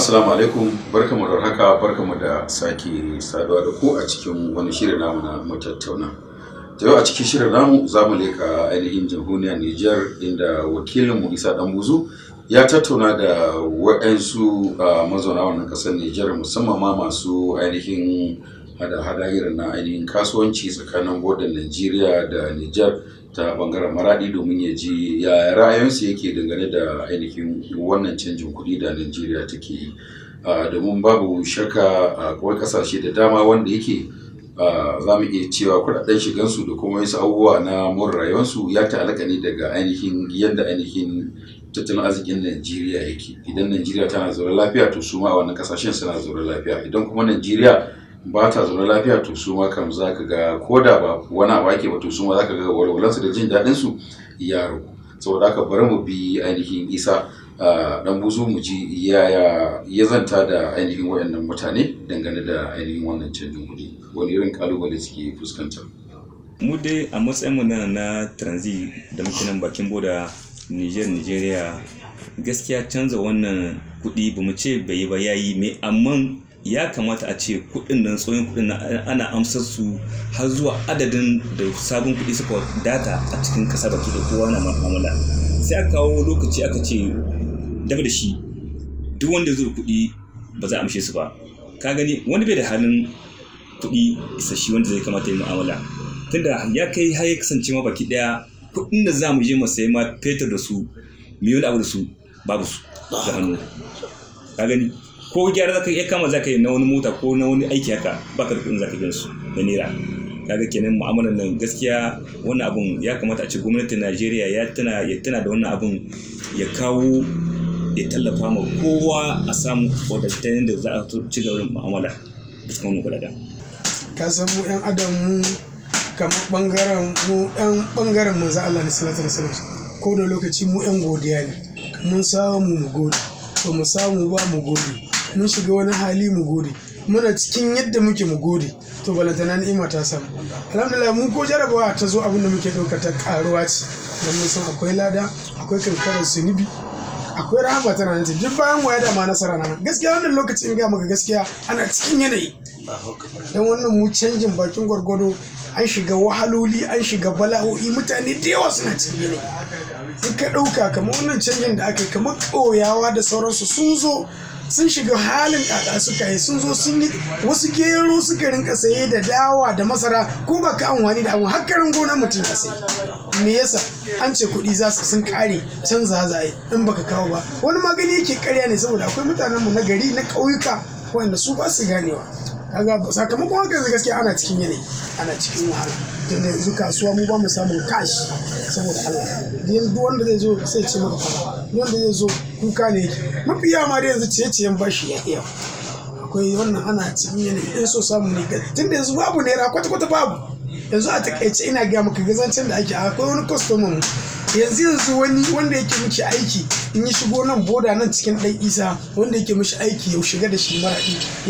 Assalamu alaikum barkamu da haka barkamu da sake saduwa da ku a cikin wani shirin namu na matattauna. Yau a cikin shirin namu za mu leka ainihin jamhuriyar Nijar inda wakilin mu Isa buzu ya tattauna da waɗansu ah, mazauna wannan ƙasar Nijar musamman ma masu ainihin hada-hada na ainihin kasuwanci tsakanin boda Najeriya da Nijar ta bangaren maradi domin ya ji ya ra'ayinsu yake dangane da ainihin wannan canjin kuɗi da Najeriya take yi. domin babu shaka a kawai kasashe da dama wanda yake za mu iya cewa kuɗaɗen shigansu da kuma wasu abubuwa na mun rayuwarsu ya ta'alaka ne daga ainihin yadda ainihin tattalin arzikin Najeriya yake idan Najeriya tana zaune lafiya to su ma a wannan kasashen suna zaune lafiya idan kuma Najeriya ba ta zaune lafiya to su ma kam za ka ga ko da ba wani abu ake ba to su ma za ka ga walwalansu da jin daɗinsu ya ruku saboda aka bari mu bi ainihin isa dan buzu mu ji yaya ya zanta da ainihin waɗannan mutane dangane da ainihin wannan canjin kuɗi wani irin kalubale suke fuskanta mu dai a mu na na transit da muke nan bakin boda niger nigeria gaskiya canza wannan kuɗi ba mu ce bai ba yayi mai amma ya kamata a ce kuɗin nan tsohon kudin nan ana amsar su har zuwa adadin da sabon kuɗi suka data a cikin kasa baki da kowa na ma'amala. sai aka kawo lokaci aka ce daga da shi duk wanda zai kuɗi ba za a amshe su ba ka gani wani bai da halin kuɗi isasshe wanda zai kamata ya mu'amala tunda ya kai har ya kasance ma baki ɗaya kuɗin da za mu je mu ma fetur da su da abu da su babu su da hannu ka gani ko gyara zaka iya kama zaka yi na wani mota ko na wani aiki haka baka da kuɗin zaka gina su da naira kaga kenan mu'amalar nan gaskiya wannan abun ya kamata a ce gwamnatin Najeriya ya tana ya tana da wannan abun ya kawo ya tallafa ma kowa a samu wadatayen da za a ci gaba mu'amala da tsakanin gudada ka san mu yan adam mu kamar bangaren mu yan bangaren za Allah ne salatu da salatu ko da lokaci mu yan godiya ne mun samu mu gode ba mu samu ba mu gode mun shiga wani hali mu gode muna cikin yadda muke mu gode to na ni'ima ta samu alhamdulillah mun ko jarabawa ta zo abin da muke dauka ta karuwa ce dan mun san akwai lada akwai kankarar sunubi akwai rahama tana nan duk bayan waya da ma nasara na gaskiya wannan lokacin in ga maka gaskiya ana cikin yanayi dan wannan mu canjin bakin gwargwado an shiga wahaloli an shiga bala'o'i mutane da yawa suna cikin yanayi in ka ɗauka kamar wannan canjin da aka yi kamar ƙauyawa da sauransu sun zo sun shiga halin kaka suka yi sun zo sun yi wasu gero suka rinka saye da dawa da masara ko ba ka amfani da abu karin gona mutum ya sai me yasa an ce kuɗi za su sun kare canza yi in baka kawo ba wani magani yake karya ne saboda akwai mutanen mu na gari na ƙauyuka wanda su ba su ganewa kaga sakamakon haka yanzu gaskiya ana cikin yanayi ana cikin wahala tun da yanzu kasuwa mu ba mu samun kashi saboda Allah duk wanda zai zo sai ce maka kaza duk wanda zai zo kuka ne mafi yawa da yanzu ciye-ciyen bashi ya iya akwai wannan ana cikin yanayi in so samu ne da yanzu babu naira kwata-kwata babu yanzu a takaice ina gaya maka gazancin da ake akwai wani kwastomin yanzu yanzu wani wanda yake miki aiki in yi shigo nan boda nan cikin dan isa wanda yake mishi aiki ya shiga da shi ɗi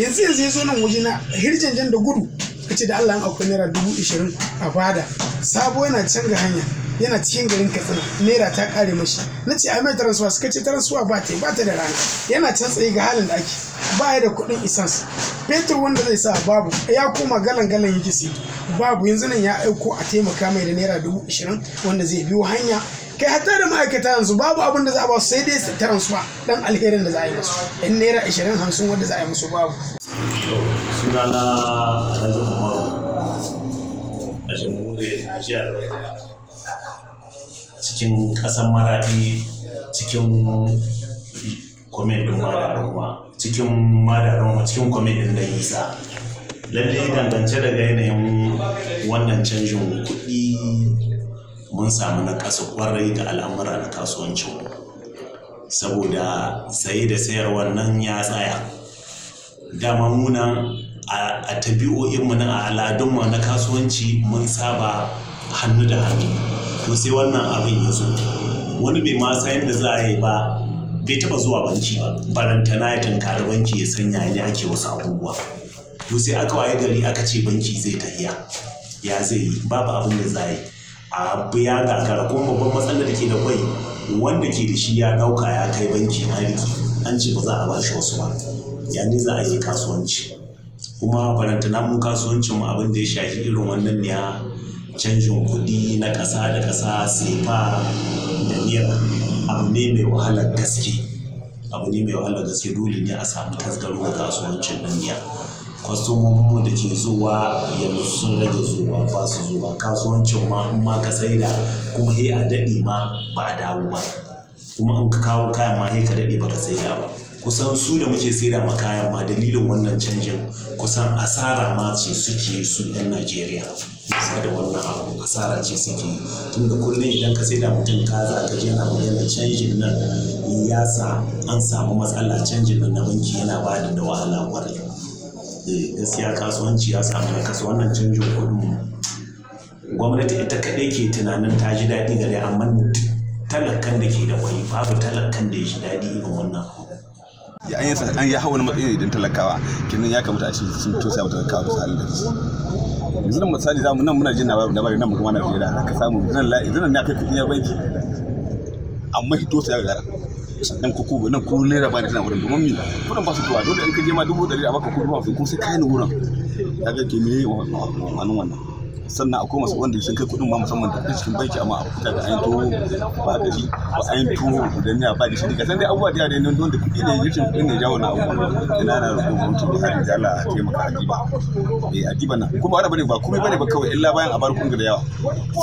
yanzu yanzu ya zo nan waje na hirjanjan da gudu ka ce da allah an akwai naira dubu ishirin a bada sabo yana canza hanya yana cikin garin katsina naira ta kare mashi na ce ai mai taransuwa suka ce taransuwa ba ta ba ta da rana yana can tsaye ga halin da ake ba ya da kuɗin isans fetur wanda zai sa babu ya koma galan galan yake sai babu yanzu nan ya aiko a taimaka mai da naira dubu ashirin wanda zai biyo hanya kai hatta da ma'aikata yanzu babu abin da za a ba sai dai su su dan alherin da za a yi musu in naira ashirin hamsin wanda za a yi musu babu. suna na alhaji umaru a cikin kasan maradi cikin kwamitin madaroma cikin madaroma cikin kwamitin da isa Lallai, dangance daga yanayin wannan canjin kuɗi mun samu na ƙasa kwarai da al'amura na kasuwancin saboda saye da sayar nan ya tsaya dama muna a tabi'o'inmu na al'adunmu na kasuwanci mun saba hannu da hannu to sai wannan abin ya zo wani bai ma san yadda za a yi ba bai taba zuwa banki ba barantana ya tunkari banki ya sanya ne ake wasu abubuwa to sai aka waye gari aka ce banki zai tafiya. ya zai yi babu abin da za yi abu ya gagara kuma babban matsalar da ke da kwai wanda ke da shi ya ɗauka ya kai banki maliki an ce ba za a bashi wasu ba Yanni za a yi kasuwanci kuma barantana namun kasuwancin mu abin da ya shafi irin wannan ne canjin kuɗi na ƙasa da ƙasa sefa da niyar. abu ne mai wahalar gaske abu ne mai wahalar gaske dole ne a samu tasgaro kasuwancin duniya. kwastomominmu da ke zuwa yanzu sun rage zuwa ba su zuwa kasuwancin ma in ma ka saida kuma he a daɗe ma ba a dawo ba kuma in ka kawo kayan ma he ka daɗe ba ka saida ba kusan su da muke saida ma kayan ma dalilin wannan canjin kusan asara ma ce suke su 'yan najeriya da wannan abu asara ce suke tun da kullum idan ka saida mutum ka za ka na magana canjin nan ya sa an samu matsala canjin nan na banki yana ba da wahala kwarai Eh, gaskiya kasuwanci ya samu na kasu wannan canjin kuɗin gwamnati ita kaɗai ke tunanin ta ji daɗi gare amma talakan da ke da kwai babu talakan da ya ji daɗi irin wannan ya an yasa an ya hawa wani matsayi don talakawa kenan ya kamata a cikin sun tosa wata talakawa bisa halin da su yanzu nan misali zamu nan muna jin labarin labarin nan kuma na jira ka samu yanzu nan ne akai kuɗi ya banki amma hito sai ya gara dan kuku nan ko naira ba da tana wurin domin mi kudin ba su tuwa dole in ka je ma dubu ɗari a baka kuɗi ba ko sai kayan wurin kaga ke me wannan wannan sannan akwai masu wanda sun kai kudin ma musamman da kuɗin cikin banki amma a fita da ayin tuwo ba da shi ba ayin tuwo da niya ba da shi daga sanda dai abubuwa da yanayin don da kuɗi ne yashin kuɗin ne jawo na abubuwa ina na rukun gwamnati da hari da Allah taimaka a diba eh a diba na kuma wani bane ba kuma bane ba kawai illa bayan a bar kunga da yawa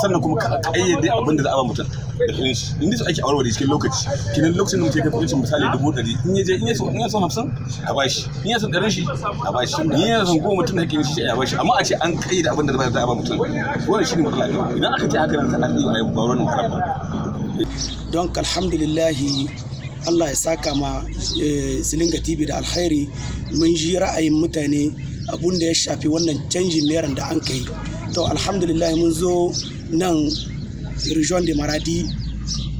sannan kuma ka kayyade abin da za a ba mutum da kuɗin shi inda su ake aure da cikin lokaci kinan lokacin da mutum ya kai kuɗin misali dubu ɗari in ya je in ya so in ya so hamsin a ba shi in ya so ɗarin shi a ba shi in ya so goma mutum da hakin shi a ba shi amma a ce an kayyade abin da za a ba mutum wannan shine muke idan aka ce haka nan ta addu'a ayi ba wannan don alhamdulillahi Allah ya saka ma eh, silinga TV da alkhairi mun ji ra'ayin mutane abun da ya shafi wannan canjin meran da an kai to alhamdulillah mun zo nan region de maradi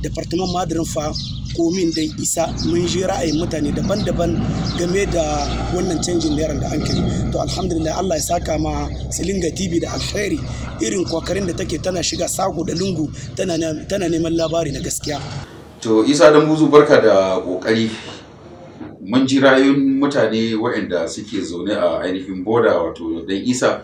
departement madirin fa komin dai isa mun ji ra'ayin mutane daban-daban game da wannan canjin naira da an kai to alhamdulillah Allah ya saka ma silinga tv da alkhairi irin kokarin da take tana shiga sago da lungu tana neman labari na gaskiya to isa dan buzu barka da kokari mun ji ra'ayoyin mutane waɗanda suke zaune a ainihin boda wato dan isa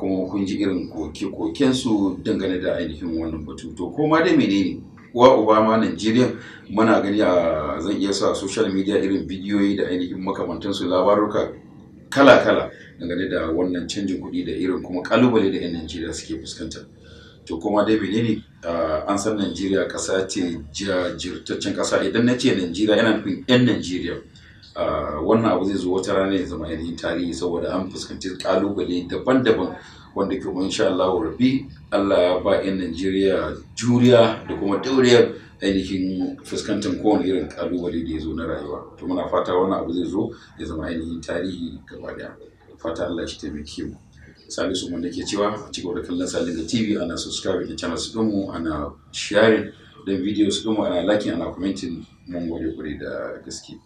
kuma kun ji irin koke-kokensu dangane da ainihin wannan batu to koma dai menene uwa obama ma Najeriya muna gani a zan iya sa social media irin bidiyoyi da ainihin makamantansu labaruka kala-kala dangane da wannan canjin kuɗi da irin kuma kalubale da 'yan Najeriya suke fuskanta. To kuma dai menene an san Najeriya ƙasa ce jajirtaccen ƙasa idan na ce Najeriya yana nufin 'yan Najeriya. wannan abu zai zo wata rana ya zama yanayin tarihi saboda an fuskanci kalubale daban-daban wanda ke kuma insha Allah rabi Allah ya ba yan Najeriya juriya da kuma dauriyar ainihin fuskantar kowane irin kalubale da ya zo na rayuwa to muna fata wannan abu zai zo ya zama ainihin tarihi gaba daya fata Allah shi taimake mu salisu wanda ke cewa ci gaba da kallon da tv ana subscribe da channel su mu ana sharing don videos mu ana liking ana commenting mun gode kuri da gaske